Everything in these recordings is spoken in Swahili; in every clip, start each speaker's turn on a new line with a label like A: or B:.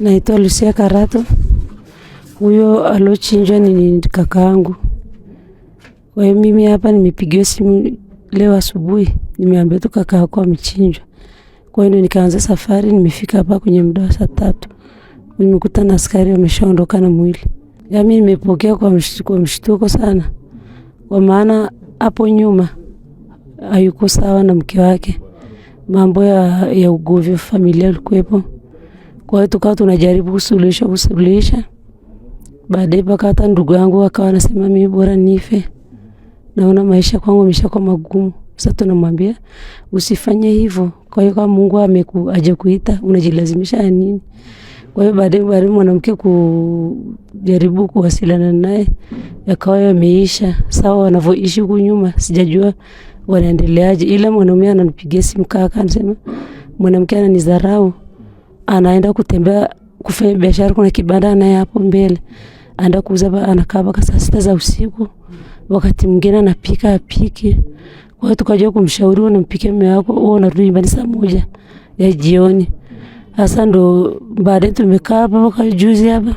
A: Naitwa Lucia Karato. Huyo alochinjwa ni kakaangu. Kwa hiyo mimi hapa nimepigiwa simu leo asubuhi, nimeambia tu kaka yako amechinjwa. Kwa hiyo nikaanza safari, nimefika hapa kwenye muda wa saa tatu, nimekuta na askari wameshaondoka na mwili. Yaani nimepokea kwa mshtuko sana, kwa maana hapo nyuma hayuko sawa na mke wake, mambo ya, ya ugovi familia ulikuwepo kwa hiyo tukawa tunajaribu kusuluhisha kusuluhisha, baadaye mpaka hata ndugu yangu akawa anasema mimi bora nife, naona maisha kwangu yameshakuwa magumu. Sasa tunamwambia usifanye hivyo. Kwa hiyo kama Mungu hajakuita unajilazimisha nini? Kwa hiyo baadaye bari mwanamke kujaribu kuwasiliana naye yakawa yameisha. Sawa, wanavyoishi huku nyuma sijajua wanaendeleaje, ila mwanaume ananipigia simu kaka, anasema mwanamke ananidharau, anaenda kutembea kufanya biashara. Kuna kibanda naye hapo mbele anaenda kuuza, anakaa mpaka saa sita za usiku, wakati mwingine anapika apike. Kwa hiyo tukajua kumshauri, unampike mume wako, wewe unarudi nyumbani saa moja ya jioni. Hasa ndo baadaye tumekaa hapa mpaka juzi hapa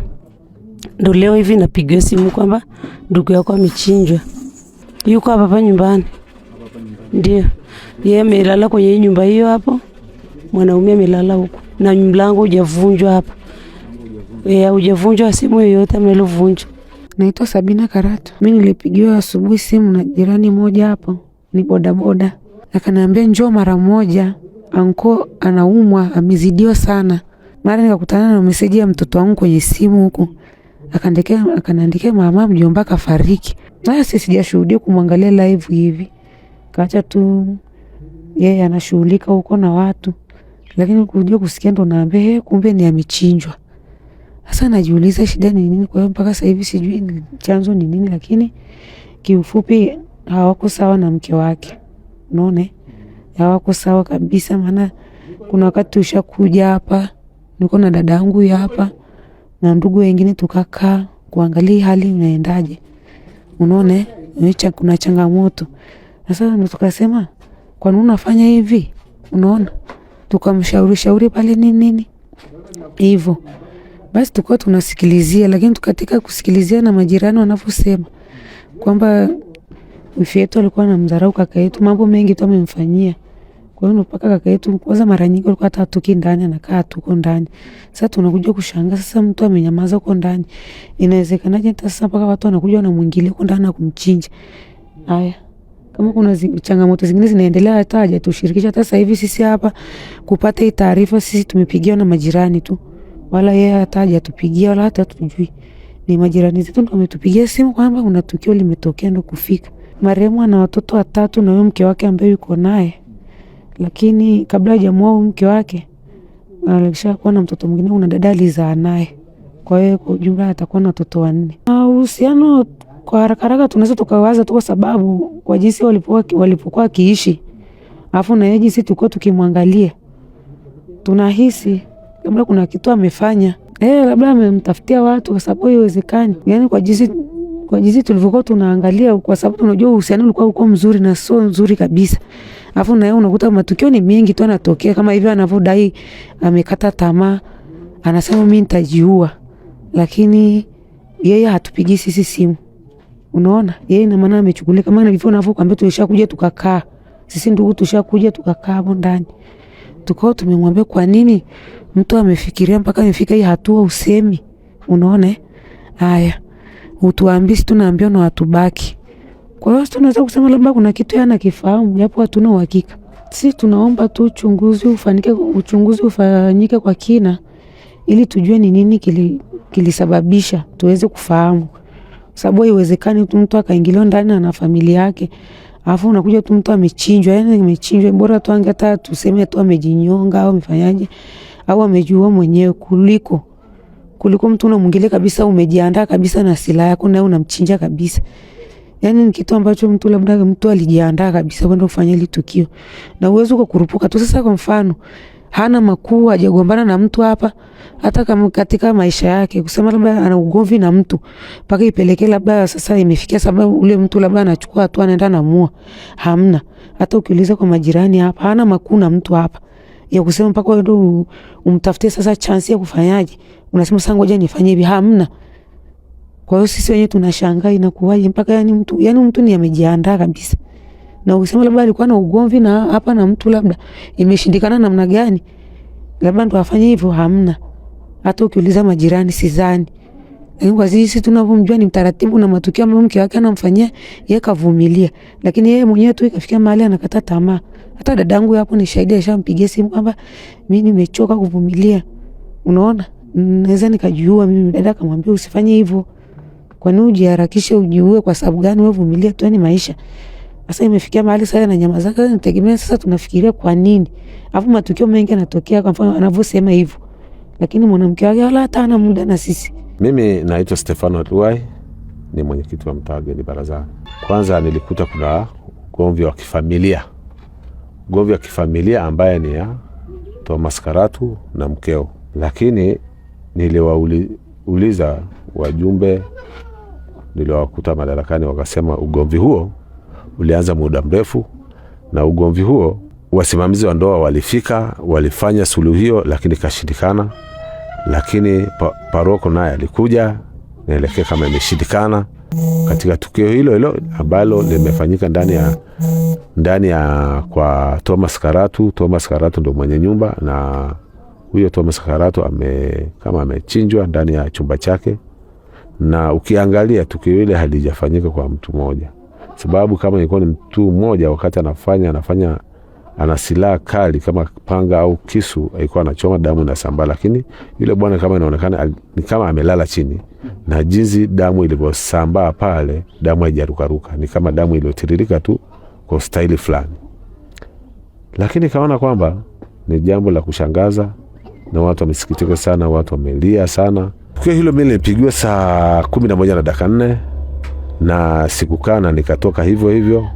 A: ndo leo hivi napigiwa simu kwamba ndugu yako amechinjwa, yuko hapa hapa nyumbani. Ndio yeye amelala kwenye nyumba hiyo hapo, mwanaume amelala huko na mlango hujavunjwa hapa, hujavunjwa eh, simu yoyote mnalovunjwa. Naitwa Sabina Karatu. Mi nilipigiwa asubuhi simu na jirani moja hapo, ni bodaboda, akaniambia njoo mara moja, anko anaumwa, amezidiwa sana. Mara nikakutana na meseji ya mtoto wangu kwenye simu huko, akaniandikia mama mjomba kafariki, nayo si sijashuhudia kumwangalia live hivi, kaacha tu yeye anashughulika huko na watu lakini kuja kusikia ndo naambia he, kumbe ni amechinjwa. Sasa najiuliza shida ni nini? Kwa hiyo mpaka sasa hivi sijui ni chanzo ni nini, lakini kiufupi hawako sawa na mke wake, unaona hawako sawa kabisa. Maana kuna wakati tushakuja hapa, niko na dada yangu hapa na ndugu wengine, tukakaa kuangalia hali inaendaje, unaona kuna changamoto. Sasa tukasema kwa nini unafanya hivi, unaona tukamshauri shauri pale nini nini hivyo. Basi tukawa tunasikilizia, lakini tukatika kusikilizia na majirani wanavyosema kwamba wifi yetu alikuwa mdharau kaka yetu, mambo mengi tu amemfanyia. Kwa hiyo mpaka kaka yetu kwanza, mara nyingi alikuwa hata atoki ndani, anakaa tu huko ndani. Sasa tunakuja kushangaa, sasa mtu amenyamaza huko ndani, inawezekanaje? Hata sasa mpaka watu wanakuja wanamwingilia huko ndani na kumchinja. Haya. Kama kuna zi, changamoto zingine zinaendelea hata hajatushirikisha. Hata sasa hivi sisi hapa kupata hii taarifa, sisi tumepigiwa na majirani tu, wala yeye hata hajatupigia wala hata tujui. Ni majirani zetu ndio wametupigia simu kwamba kuna tukio limetokea, ndo kufika. Marehemu ana watoto watatu na huyo mke wake ambaye yuko naye, lakini kabla huyo mke wake kuwa na mtoto mwingine, una dada alizaa naye. Kwa hiyo kwa ujumla atakuwa na watoto wanne. Uhusiano kwa haraka haraka tunaweza tukawaza tu, kwa sababu kwa jinsi walipokuwa walipokuwa kiishi, afu na yeye jinsi tulikuwa tukimwangalia, tunahisi labda kuna kitu amefanya eh, labda amemtafutia watu, kwa sababu haiwezekani. Yani kwa jinsi kwa jinsi tulivyokuwa tunaangalia, kwa sababu tunajua uhusiano ulikuwa uko mzuri na sio nzuri kabisa. Afu na yeye unakuta matukio ni mengi tu anatokea kama hivyo, anavyodai amekata tamaa, anasema mimi nitajiua, lakini yeye hatupigi sisi simu Unaona, yeye na maana amechugulika, maana navyo kwambia, tulishakuja tukakaa sisi ndugu, tushakuja tukakaa hapo ndani, tukao tumemwambia, kwa nini mtu amefikiria mpaka amefika hii hatua usemi? Unaona, eh? haya utuambii, si tunaambia na watubaki. Kwa hiyo tunaweza kusema labda kuna kitu yana kifahamu, japo hatuna uhakika. Si tunaomba tu uchunguzi ufanyike, uchunguzi ufanyike kwa kina, ili tujue ni nini kilisababisha kili tuweze kufahamu sababu haiwezekani tu mtu akaingiliwa ndani na familia yake, alafu unakuja tu mtu amechinjwa. Yani amechinjwa, bora tu ange hata tuseme tu amejinyonga au amefanyaje au amejua mwenyewe, kuliko kuliko mtu unamwingilia kabisa, umejiandaa kabisa na silaha yako na unamchinja kabisa. Yani ni kitu ambacho mtu labda mtu alijiandaa kabisa kwenda kufanya hili tukio, na uwezo ukakurupuka tu. Sasa kwa mfano hana makuu, hajagombana na mtu hapa hata kama katika maisha yake, kusema labda ana ugomvi na mtu mpaka ipelekee labda sasa imefikia sababu ule mtu labda anachukua hatua anaenda na namua, hamna. Hata ukiuliza kwa majirani hapa, hana makuu na mtu hapa ya kusema mpaka wewe ndo umtafutie sasa chansi ya kufanyaje, unasema sasa ngoja nifanye hivi, hamna. Kwa hiyo sisi wenyewe tunashangaa inakuwaje mpaka yani mtu yani mtu ni amejiandaa kabisa na ukisema labda alikuwa na ugomvi na hapa na mtu, labda imeshindikana namna gani, labda ndo afanye hivyo, hamna. Hata ukiuliza majirani, sizani, Lakini kwa sisi tunavyomjua ni mtaratibu na matukio ambayo mke wake anamfanyia yeye, kavumilia, lakini yeye mwenyewe tu ikafikia mahali anakata tamaa. Hata dadangu hapo ni shahidi, ashampigia simu kwamba mi nimechoka kuvumilia, unaona, naweza nikajiua mimi. Dada akamwambia usifanye hivyo, kwani ujiharakishe ujiue? Kwa sababu gani? Wevumilia vumilia tu, ni yaani maisha. Sasa imefikia mahali sasa na nyama zake zinategemea. sasa, tunafikiria kwa nini? Alafu matukio mengi yanatokea, kwa mfano anavyosema hivyo, lakini mwanamke wake wala hata ana muda na sisi.
B: Mimi naitwa Stefano Tuai, ni mwenyekiti wa mtaa Geni Barazani. Kwanza nilikuta kuna ugomvi wa kifamilia, ugomvi wa kifamilia ambaye ni ya Thomas Karatu na mkeo, lakini niliwauliza wajumbe niliwakuta madarakani, wakasema ugomvi huo ulianza muda mrefu, na ugomvi huo wasimamizi wa ndoa walifika, walifanya suluhio, lakini ikashindikana. Lakini pa, paroko naye alikuja, naelekea kama imeshindikana. Katika tukio hilo hilo ambalo limefanyika ndani ya ndani ya kwa Thomas Karatu. Thomas Karatu ndio mwenye nyumba, na huyo Thomas Karatu ame, kama amechinjwa ndani ya chumba chake, na ukiangalia tukio hili halijafanyika kwa mtu mmoja sababu kama ilikuwa ni mtu mmoja, wakati anafanya anafanya ana silaha kali kama panga au kisu, alikuwa anachoma, damu na sambaa. Lakini yule bwana kama inaonekana ni kama amelala chini, na jinsi damu ilivyosambaa pale, damu haijarukaruka, ni kama damu iliyotiririka tu kwa staili fulani. Lakini kaona kwamba ni jambo la kushangaza na watu wamesikitika sana, watu wamelia sana. Tukio hilo mimi nilipigiwa saa kumi na moja na dakika nne na sikukana, nikatoka hivyo hivyo,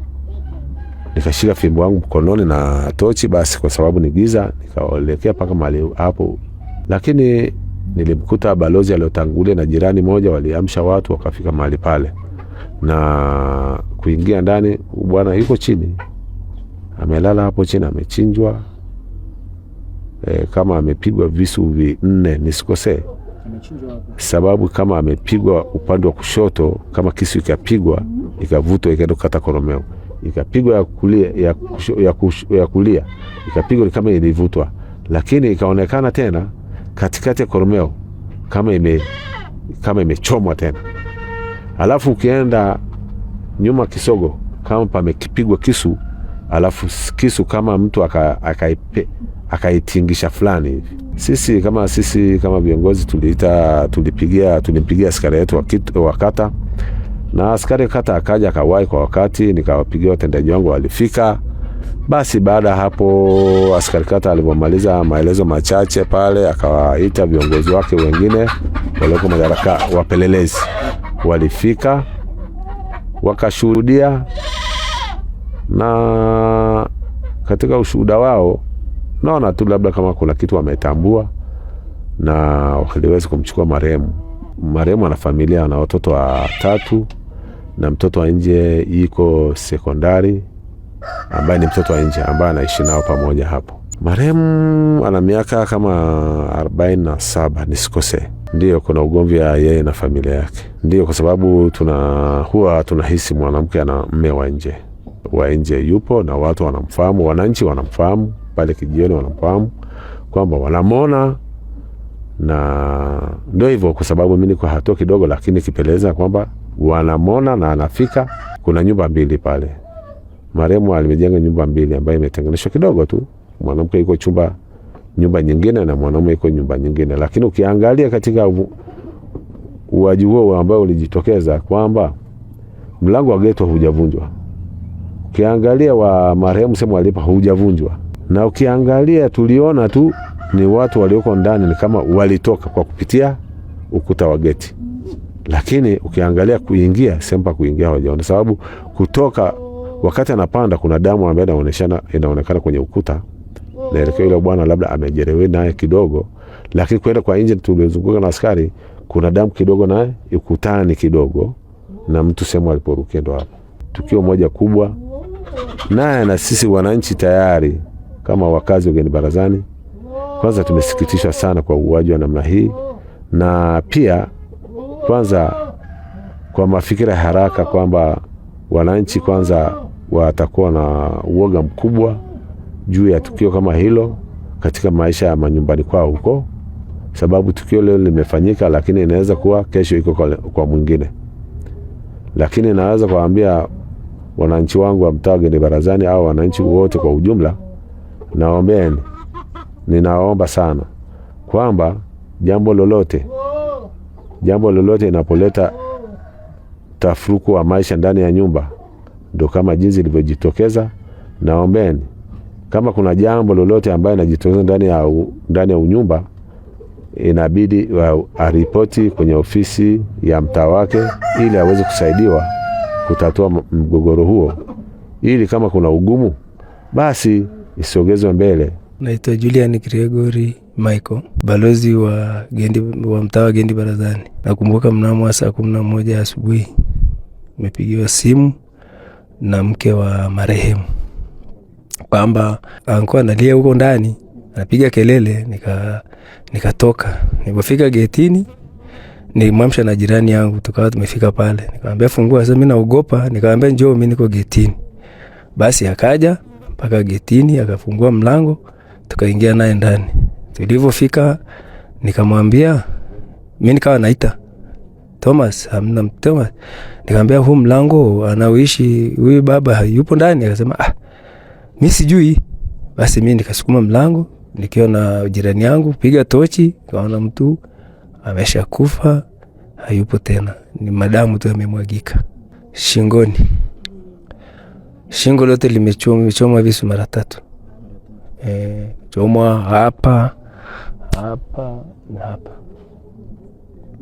B: nikashika fimbo yangu mkononi na tochi, basi kwa sababu ni giza, nikaelekea mpaka mahali hapo, lakini nilimkuta balozi aliyotangulia na jirani moja, waliamsha watu wakafika mahali pale na kuingia ndani. Bwana yuko chini, amelala hapo chini, amechinjwa e, kama amepigwa visu vinne nisikosee sababu kama amepigwa upande wa kushoto, kama kisu ikapigwa ikavutwa ikaenda kukata koromeo, ikapigwa ya kulia, ya, ya, ya kulia ikapigwa ni kama ilivutwa, lakini ikaonekana tena katikati ya koromeo kama ime, kama imechomwa tena. Alafu ukienda nyuma kisogo, kama pamekipigwa kisu, alafu kisu kama mtu akaitingisha aka, aka fulani hivi sisi kama sisi kama viongozi tuliita, tulipigia, tulimpigia askari yetu wa kata na askari kata akaja akawahi kwa wakati, nikawapigia watendaji wangu, walifika. Basi baada hapo askari kata alipomaliza maelezo machache pale, akawaita viongozi wake wengine walioko madaraka, wapelelezi walifika wakashuhudia, na katika ushuhuda wao Naona tu labda kama kuna kitu ametambua na waliwezi kumchukua marehemu. Marehemu ana familia ana watoto watatu na mtoto wa nje iko sekondari, ambaye ni mtoto wa nje ambaye anaishi nao pamoja hapo. Marehemu ana miaka kama arobaini na saba nisikose. ndio kuna ugomvi ya yeye na familia yake. ndio kwa sababu tuna huwa tunahisi mwanamke ana mme wa nje, wa nje yupo na watu wanamfahamu, wananchi wanamfahamu pale kijiweni wanafahamu kwamba wanamona na ndio hivyo, kwa sababu mimi niko hatua kidogo, lakini kipeleza kwamba wanamona na anafika. Kuna nyumba mbili pale, marehemu alimejenga nyumba mbili ambayo imetenganishwa kidogo tu, mwanamke yuko chumba nyumba nyingine na mwanaume yuko nyumba nyingine, lakini ukiangalia katika uwaji huo ambao ulijitokeza kwamba mlango wa geto hujavunjwa, ukiangalia wa marehemu sehemu alipa hujavunjwa na ukiangalia tuliona tu ni watu walioko ndani ni kama walitoka kwa kupitia ukuta wa geti, lakini ukiangalia kuingia sempa kuingia hawajaona, sababu kutoka wakati anapanda kuna damu ambayo inaonekana inaonekana kwenye ukuta, naelekea yule bwana labda amejerewe naye kidogo, lakini kwenda kwa nje tulizunguka na askari kuna damu kidogo naye ukutani kidogo, na mtu sehemu aliporukia ndo hapo. Tukio moja kubwa naye na sisi wananchi tayari kama wakazi wageni barazani, kwanza tumesikitishwa sana kwa uuaji wa namna hii, na pia kwanza kwa mafikira ya haraka kwamba wananchi kwanza watakuwa na uoga mkubwa juu ya tukio kama hilo katika maisha ya manyumbani kwao huko, sababu tukio leo limefanyika, lakini inaweza kuwa kesho iko kwa, kwa mwingine. Lakini naweza kuwaambia wananchi wangu wa mtaa wageni barazani au wananchi wote kwa ujumla naombeni, ninaomba sana kwamba jambo lolote jambo lolote inapoleta tafuruku wa maisha ndani ya nyumba, ndo kama jinsi ilivyojitokeza. Naombeni kama kuna jambo lolote ambayo inajitokeza ndani ya, ndani ya unyumba, inabidi aripoti kwenye ofisi ya mtaa wake, ili aweze kusaidiwa kutatua mgogoro huo, ili kama kuna ugumu basi isogezwe mbele.
C: Naitwa Julian Gregory Michael, balozi wa Gendi, wa mtaa wa Gendi Barazani. Nakumbuka mnamo saa kumi na moja asubuhi nimepigiwa simu na mke wa marehemu kwamba alikuwa analia huko ndani anapiga kelele, nika nikatoka. Nilipofika getini nimwamsha na jirani yangu, tukawa tumefika pale, nikamwambia fungua. Sasa mi naogopa, nikamwambia njoo, mi niko getini. Basi akaja mpaka getini, akafungua mlango tukaingia naye ndani. Tulivyofika nikamwambia, mi nikawa naita Thomas, amna Thomas. Nikamwambia huu mlango anaoishi huyu baba yupo ndani? Akasema ah, mi sijui. Basi mi nikasukuma mlango nikiwa na jirani yangu, piga tochi, kaona mtu ameshakufa, hayupo tena, ni madamu tu yamemwagika shingoni shingo lote limechoma visu mara tatu, e, chomwa hapa
D: hapa na hapa.